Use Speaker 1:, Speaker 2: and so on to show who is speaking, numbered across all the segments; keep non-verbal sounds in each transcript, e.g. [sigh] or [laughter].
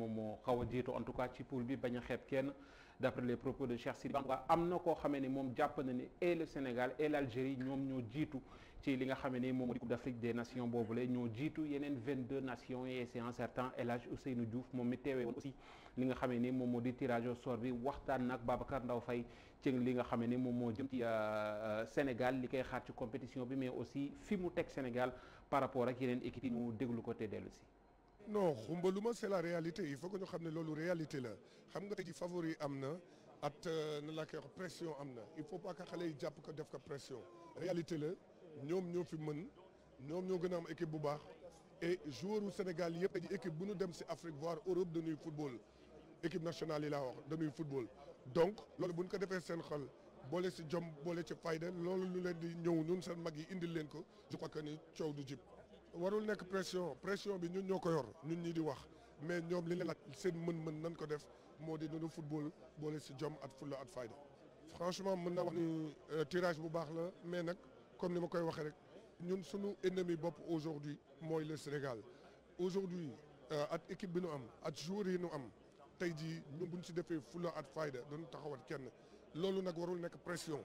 Speaker 1: moom moo xaw a en tout cas ci poule bi bañ a kenn d'après les propos de Cher Sidi Bamba am na koo xamee na ni et le Sénégal et l'Algérie ñoom ñoo jiitu ci li nga xamee ni moom di Coupe d'Afrique des Nations boobule ñoo jiitu yeneen 22 nations et c'est un certain El Hadj Ousseynou Diouf moom mi teewee aussi li nga xamee ni moom moo di tirage au sort bi waxtaan nag Babacar Ndaw Faye ci li nga xamee ni moom moo jëm ci euh, Sénégal li xaar ci compétition bi mais aussi fi mu teg Sénégal par rapport ak yeneen équipe yi mu déglu ko te dellu si
Speaker 2: non c'est la réalité il faut que nous Il ne réalité la xam nga favori et na at euh, na pression Il ne il faut pas que xale nous pression réalité la réalité, nous sommes mën et le jour Sénégal les Sénégalais équipe bu ñu si Afrique voire Europe dañuy football équipe nationale football donc si bu ko xol si jom Bolé ci fayda Nous ñu di je crois warul nek pression pression bi ñun ñoko yor ñun ñi di wax mais ñom li leen laaj seen mën-mën nan ko def modi di nunu football boole ci jom at fulla at fayda franchement mën na wax ni euh, tirage bu bax la mais nak comme ni ma koy waxee rek ñun suñu ennemi bop aujourd'hui moy le Sénégal aujourd'hui euh, at équipe bi ñu am at joueurs yi ñu am tay ji ñun buñ ci défé fulla at fayda duñ taxawat kenn lolu nak warul nek pression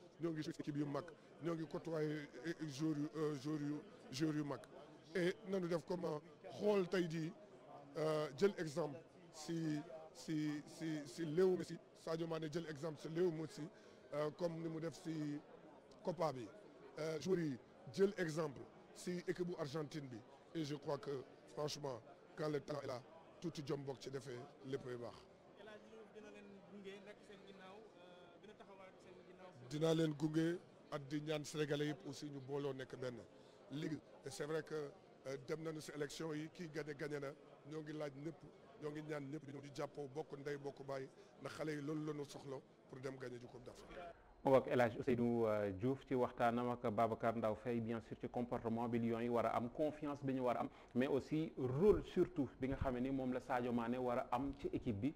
Speaker 2: ñoo ngi gis équipe yu mag ñoo ngi côtoyé eh, joueurs yu euh, joueurs yu joueurs yu mag et nañu def comme euh, xool tey jii euh, jël exemple si si si si Léo Messi Sadio Mané jël exemple si Léo Messi comme ni mu def si Copa bi joueurs yi jël exemple si équipe bu Argentine bi et je crois que franchement quand le temps est là tout jom bok ci Le léppay baax dina len gungé ak di ñaan sénégalais yëpp aussi ñu booloo nek benn léegi c'est vrai que euh, dem nañu ci élection yi ki gagné gagné na ñoo ngi laaj nepp ñoo ngi ñaan nepp ñu di jappo bokk nday bokk bay ndax xalé yi loolu lañu soxlo pour dem gagné ci Coupe d'Afrique
Speaker 1: moo ak El Hadj Ousseynou euh, Diouf ci waxtanam ak Babacar Ndaw fay bien sûr ci comportement bi Lions yi war am confiance bi ñu war am mais aussi rôle surtout bi nga xam ne ni moom la Sadio Mané wara am ci équipe bi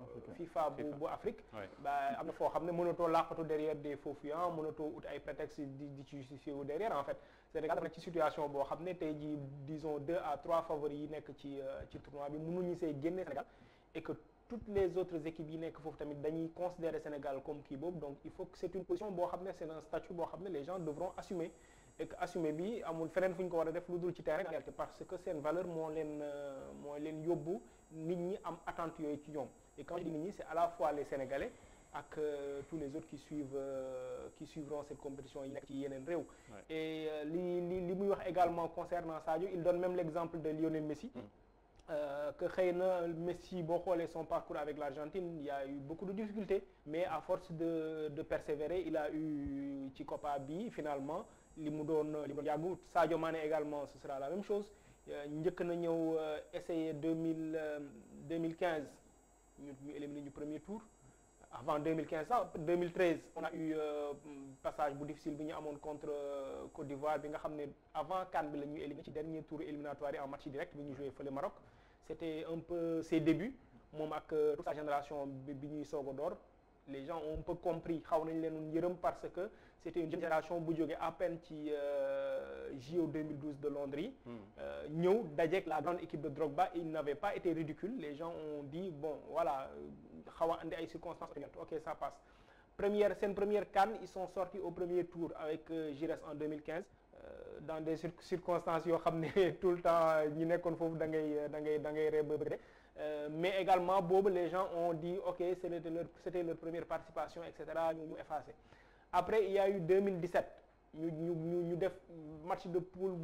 Speaker 3: Euh,
Speaker 4: FIFA bu bu Afrique ba amna fo xamné xam ne mënatoo derrière des faux fuyants mënatoo out ay prétexte di di derrière en fait Sénégal dafa nekk ci situation bo xamné tay ji disons deux à trois favoris yi nek ci euh, ci tournoi bi mënuñu see génne Sénégal et que toutes les autres équipes yi nek foofu tamit dañuy considérer Sénégal comme kii bob donc il faut que c'est une position bo xamné c'est un statut bo xamné les gens devront assumer et que assumer bi amul fenen fuñ ko wara def lu dul ci terrain parce que seen valeur mo len euh, mo len yobbu nit ñi am attente yoy ci ñom et quand je dis ministre, c'est à la fois les Sénégalais à euh, tous les autres qui suivent euh, qui suivront cette compétition et euh, li li également concernant Sadio il donne même l'exemple de Lionel Messi. Mm. que Messi, Messi a eu son parcours avec l'Argentine il y a eu beaucoup de difficultés mais à force de persévérer il a eu ci finalement li mu Sadio Mané également ce sera la même chose njëkk na 2015. essayer 2000 nous avons éliminé ñu premier tour avant 2015 En 2013 on a eu un euh, passage difficile contre euh, Côte d'Ivoire avant CAN bi la éliminé dernier tour éliminatoire en match direct Nous avons joué le Maroc c'était un peu ses débuts moom ak euh, toute sa génération bi ñuy les gens ont un peu compris parce que c'était une génération bu à peine ci euh, JO 2012 de Londres Nous, hmm. euh, la grande équipe de Drogba il n'avait pas été ridicule les gens ont dit bon voilà euh, circonstances ok ça passe première une première canne, ils sont sortis au premier tour avec Giresse en 2015 dans des circonstances où ont [laughs] tout le temps ils nekkoon foofu da ngay da ngay euh, mais également, Bob, les gens ont dit, OK, c'était leur, leur, première participation, etc. Nous, Après, il y a eu 2017. Nous nous, nous, match de poule,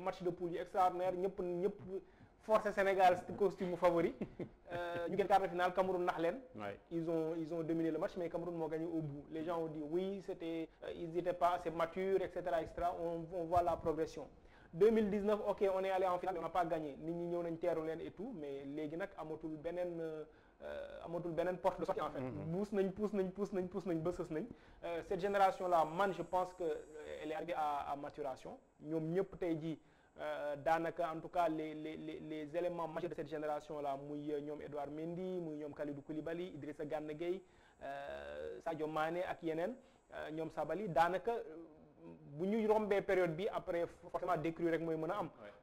Speaker 4: match de poule extraordinaire. Nous avons forcé Sénégal, c'est le costume favori. euh, nous quart de finale, Cameroun Nahlen. Ils, ont, ils ont dominé le match, mais Cameroun m'a gagné au bout. Les gens ont dit, oui, c'était, euh, ils n'étaient pas assez matures, etc. etc. on voit la progression. 2019 ok on est allé en finale on n'a pas gagné Ni ñi ni nañ teeru et tout mais les gens, nag amatul euh, amatul Benen porte de sortie en fait mm-hmm. puus nañ pousse, nañ pousse, nañ pousse, nañ pousse. Euh, cette génération là man je pense que euh, elle est arrivée à, à maturation ñoom ñëpp tey Euh, Danaka, en tout cas les les les les éléments majeurs de cette génération là euh, muy ñoom Edouard Mendy muy Kalidou Koulibaly Idrissa Gana euh, Sadio Mané ak yeneen ñoom Sabali Danaka, bu ñu une période bi après forcément décrue rek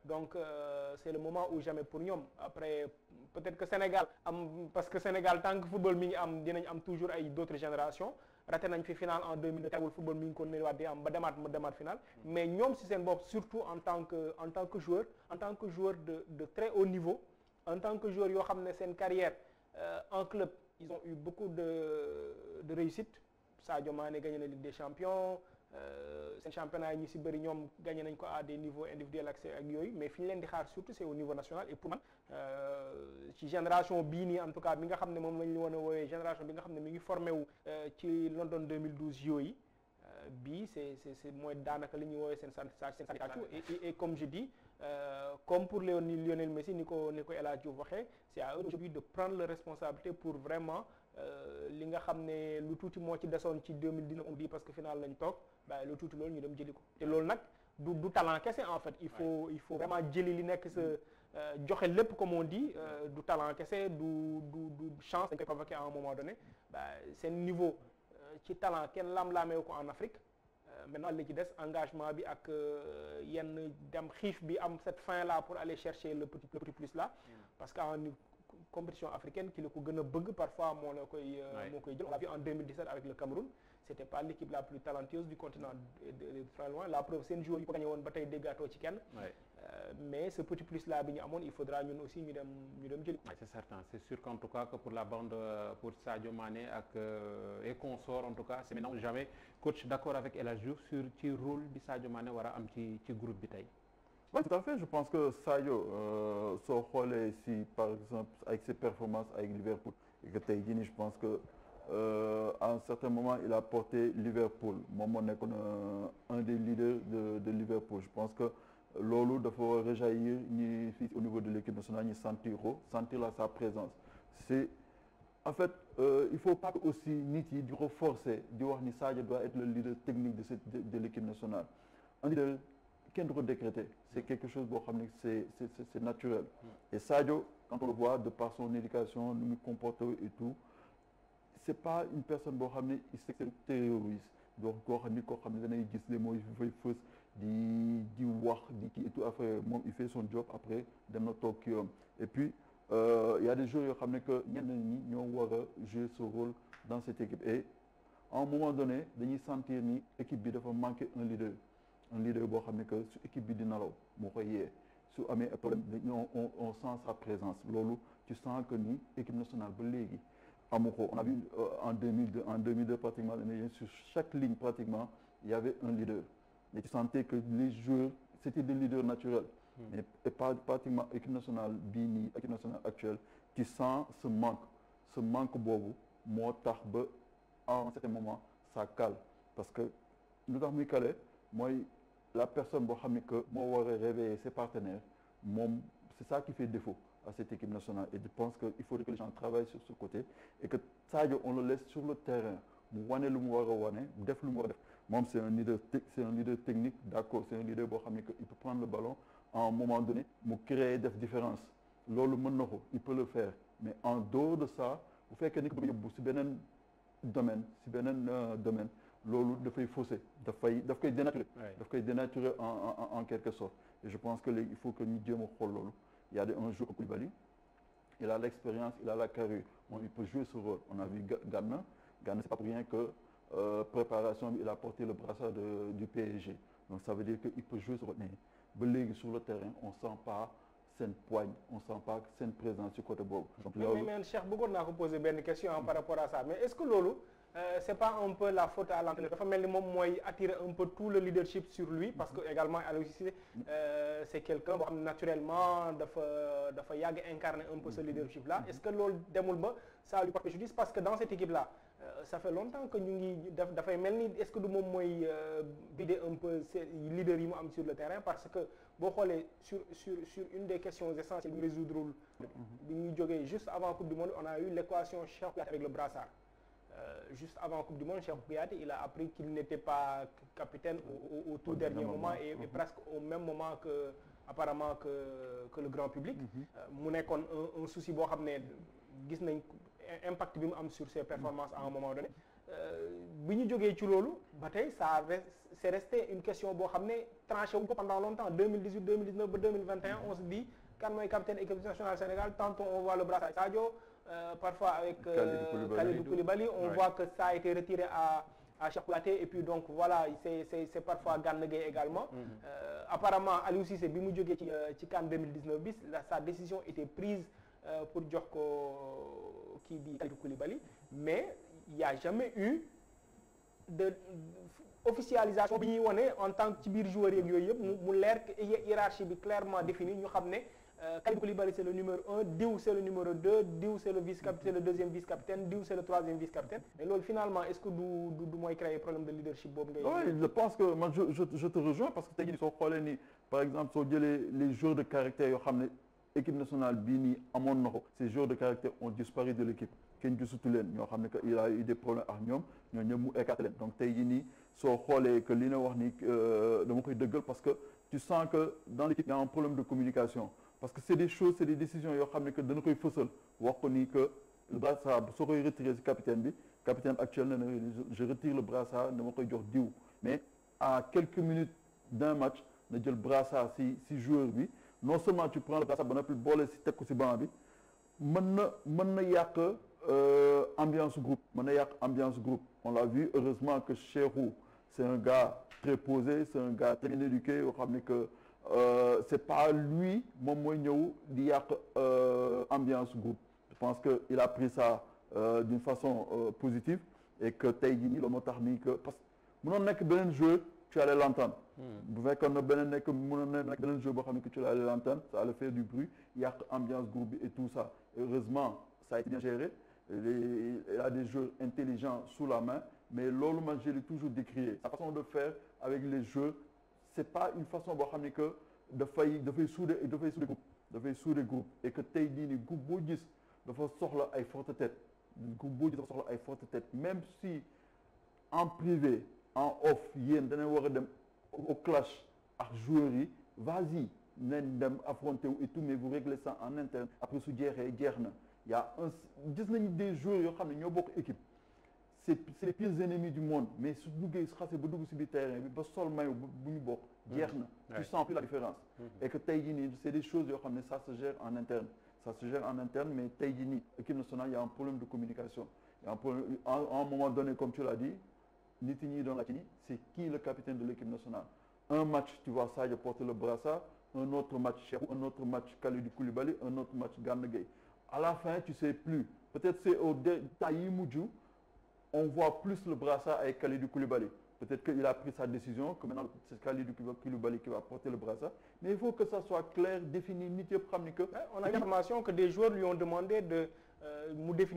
Speaker 4: donc euh, c'est le moment où jamais pour nous. après peut-être que Sénégal parce que Sénégal tant que football mi ngi toujours eu d'autres générations raté nañ fi en 2000 Le football mi ngi ko wat di am ba mm. mais ñom si surtout en tant que en tant que joueur en tant que joueur de de très haut niveau en tant que joueur qui a une une carrière euh, en club ils ont eu beaucoup de de réussite Sadio Mané gagné la Ligue des Champions euh, seen championnat yi ñu si bëri ñoom gagné nañ ko à des niveaux individuels accès ak yoy mais fiñ leen di xaar surtout c'est au niveau national et pour man euh, ci génération bi ni en tout cas bi nga xamné mom lañ woon a woowee génération bi nga xamné mi ngi formé wu euh, ci London 2012 yoy bi c'est c'est c'est est danaka est mooy daanaka li ñuy woowee seen sant seen sant et comme je dis comme pour Lionel Messi nico nico ni ko El Hadj à eux de prendre leur responsabilité pour vraiment. Euh, li nga xamné lu tuuti mo ci desoon ci 2019 bi parce que final lañ tok ba lu tuuti lool ñu dem jëliko té lool nak du du talent kese en fait il faut il faut vraiment jëli li nek ce euh, joxe lepp comme on dit euh, du talent kese du du du chance dañ koy provoqué à un moment donné ba c'est niveau ci talent ken lam-laamee ko en Afrique maintenant li ci des engagement bi ak yenn dem xif bi am cette fin là pour aller chercher le petit le petit plus là parce que compétition africaine qui le ko a bëgg parfois euh, on l'a vu en 2017 avec le Cameroun c'était pas l'équipe la plus talentueuse du continent de très loin la preuve c'est une yi ko gagné woon bataille ci
Speaker 1: euh,
Speaker 4: mais ce petit plus là bi ñu il faudra aussi ñu dem ñu
Speaker 1: c'est certain c'est sûr qu'en tout cas que pour la bande euh, pour Sadio Mané et consort en tout cas c'est maintenant jamais coach d'accord avec El sur ci rôle de Sadio Mané war un am groupe bi bataille.
Speaker 3: Oui, tout à fait. Je pense que Sayo, son rôle ici, par exemple, avec ses performances avec Liverpool, et que je pense que euh, un certain moment, il a porté Liverpool. Moi, n'est euh, un des leaders de, Liverpool. Je pense que Lolo doit rejaillir au niveau de l'équipe nationale, ni sentir, sentir sa présence. C'est en fait, euh, il ne faut pas aussi ni du reforcer, de voir Sayo doit être le leader technique de, l'équipe nationale de droit c'est quelque chose de c'est naturel et Sadio quand on le voit de par son éducation nous nous comportons et tout c'est pas une personne pour ramener il s'extériorise donc koo donc ni koo xam ne mots il di di tout après il fait son job après de notre toog et puis il euh, y a des jours, yoo xam que ni ñi ñoo war jouer ce rôle dans cette équipe et à un moment donné dañuy sentir ni équipe bi manquer un leader un leader boo xam sur que équipe bi di problème on sent sa présence lolo, tu sens que l'équipe nationale on a vu euh, en 2002 en 2002 pratiquement sur chaque ligne pratiquement il y avait un leader mais tu sentais que les joueurs c'était des leaders naturels hmm. mais et pas pratiquement équipe nationale bini, équipe nationale actuelle tu sens ce manque ce manque Bobo, moi tard en certain moment ça cale parce que nous avons muy moi moi, la personne qui que réveiller ses partenaires c'est ça qui fait défaut à cette équipe nationale et je pense qu'il faudrait faut que les gens travaillent sur ce côté et que ça on le laisse sur le terrain c'est un leader c'est un leader technique d'accord c'est un leader qui il peut prendre le ballon à un moment donné pour créer des différences, il peut le faire mais en dehors de ça vous faites que les un domaine si un euh, domaine Lolo fausser faussé fay daf koy dénaturé da dénaturé en en quelque sorte et je pense que il faut que Dieu, me a lolu Il y a un jour Koulibaly il a l'expérience il a la carrière. il peut jouer ce rôle on a vu gamin ce c'est pas pour rien que euh, préparation il a porté le brassard du PSG donc ça veut dire qu'il peut jouer ce rôle mais sur le terrain on sent pas saine poigne on ne sent pas saine présence sur côté boobu donc mais
Speaker 4: cher Cheikh poser des hein, par rapport à ça mais est-ce que Lolo... Ce euh, c'est pas un peu la faute à l'entraîneur mais le moment attiré un peu tout le leadership sur lui parce que également à euh, c'est quelqu'un qui, naturellement dafa incarner un peu ce leadership là mm-hmm. est-ce que l'ol demul ba ça lui porte préjudice parce que dans cette équipe là euh, ça fait longtemps que nous avons... fait, est-ce que le moment bider un peu le leader sur le terrain parce que sur une des questions essentielles de résoudre mm-hmm. juste avant la coupe du monde on a eu l'équation Cheikh avec le brassard euh, juste avant la Coupe du Monde, Chef Biati il a appris qu'il n'était pas capitaine au, tout dernier moment, et, mm-hmm. presque au même moment que apparemment que, que le grand public. Mm-hmm. Euh, mu un souci qui a un impact sur ses performances à un moment donné. Euh, ça c'est resté une question qui a été tranchée pendant longtemps 2018 2019 2021 on se dit on est capitaine équipe nationale Sénégal tantôt on voit le à Sadio. Euh, parfois avec euh, Koulibaly. On voit que ça a été retiré à, à Et puis donc voilà, c'est parfois Ganegay également. Mm-hmm. Euh, apparemment, Ali aussi, c'est Bimou Djogé 2019 bis. sa décision était prise euh, pour Djoko qui dit Koulibaly. Mais il n'y a jamais eu de officialisation bi en tant que ci biir joueur yeeg yooyu yëpp mu hiérarchie clairement définie ñu xam ne euh, Kalidou c'est le numéro 1, Diou c'est le numéro 2 Diou c'est le vice capitaine le deuxième vice capitaine Diou c'est le troisième vice capitaine mais finalement est-ce que du du créer problème de
Speaker 3: leadership oui je pense que je te rejoins parce que tey jii soo ni par exemple soo les joueurs de caractère yoo équipe nationale bini à mon nom ces joueurs de caractère ont disparu de l'équipe nous gisutu leen il a eu des problèmes à nous, ñoo avons mu des donc tey jii nii soo xoolee que li wax ni euh, dama koy parce que tu sens que dans l'équipe il y a un problème de communication parce que c'est des choses c'est des décisions yoo xam que dana koy fësal wax ko ni que le brassard soo koy retiré si capitaine bi capitaine actuel je retire le brassard dama koy jox diw mais à quelques minutes d'un match na jël brassard si si joueur bi non seulement tu prends le brassard ba le boole si teg ko si banc bi mën il y a que euh, ambiance groupe ambiance groupe on l'a vu heureusement que Cherou c'est un gars très posé c'est un gars très éduqué mais que euh, c'est pas lui mon mooy dire euh, ambiance groupe je pense qu'il a pris ça euh, d'une façon positive et que Taïdini la moo que parce que mënoon nekk beneen jeu tu allais l'entendre Vous voyez qu'on beneen bien mënoon jeu que tu allais l'entendre ça allait faire du bruit a ambiance groupe et tout ça heureusement ça a été bien géré il a des jeux intelligents sous la main, mais l'homme man toujours décrié. Sa façon de faire avec les jeux, ce n'est pas une façon de faire des de faire sous les groupes, et que les groupes groupe boo gis dafa forte tête groupe dafa forte tête même si en privé en off il y a dem au clash à joueurs vas-y affrontez dem et tout mais vous réglez ça en interne après guerre et guerre y a un nañu des joueurs qui ont une ñoo bokk équipe c'est les pires ennemis du monde mais su duggee xasee ba dugg si biir terrain bi ba sol maillot bu ñu bokk. Mm-hmm. jeex tu sens plus la différence. Mm-hmm. et que tey c'est des choses yoo ça se gère en interne ça se gère en interne mais tey équipe nationale y a un problème de communication y a un problème à un moment donné comme tu l'as dit Nitini dans la c'est qui le capitaine de l'équipe nationale un match tu vois ça il porte le brassard un autre match un autre match du Koulibaly un autre match Gana à la fin, tu ne sais plus. Peut-être c'est au Taï Moudjou, on voit plus le brassard avec Khalidou Koulibaly. Peut-être qu'il a pris sa décision, que maintenant c'est Khalidou Koulibaly qui va porter le brassard. Mais il faut que ça soit clair, défini, ni que. Hein, on a l'information que des joueurs lui ont demandé de euh, nous définir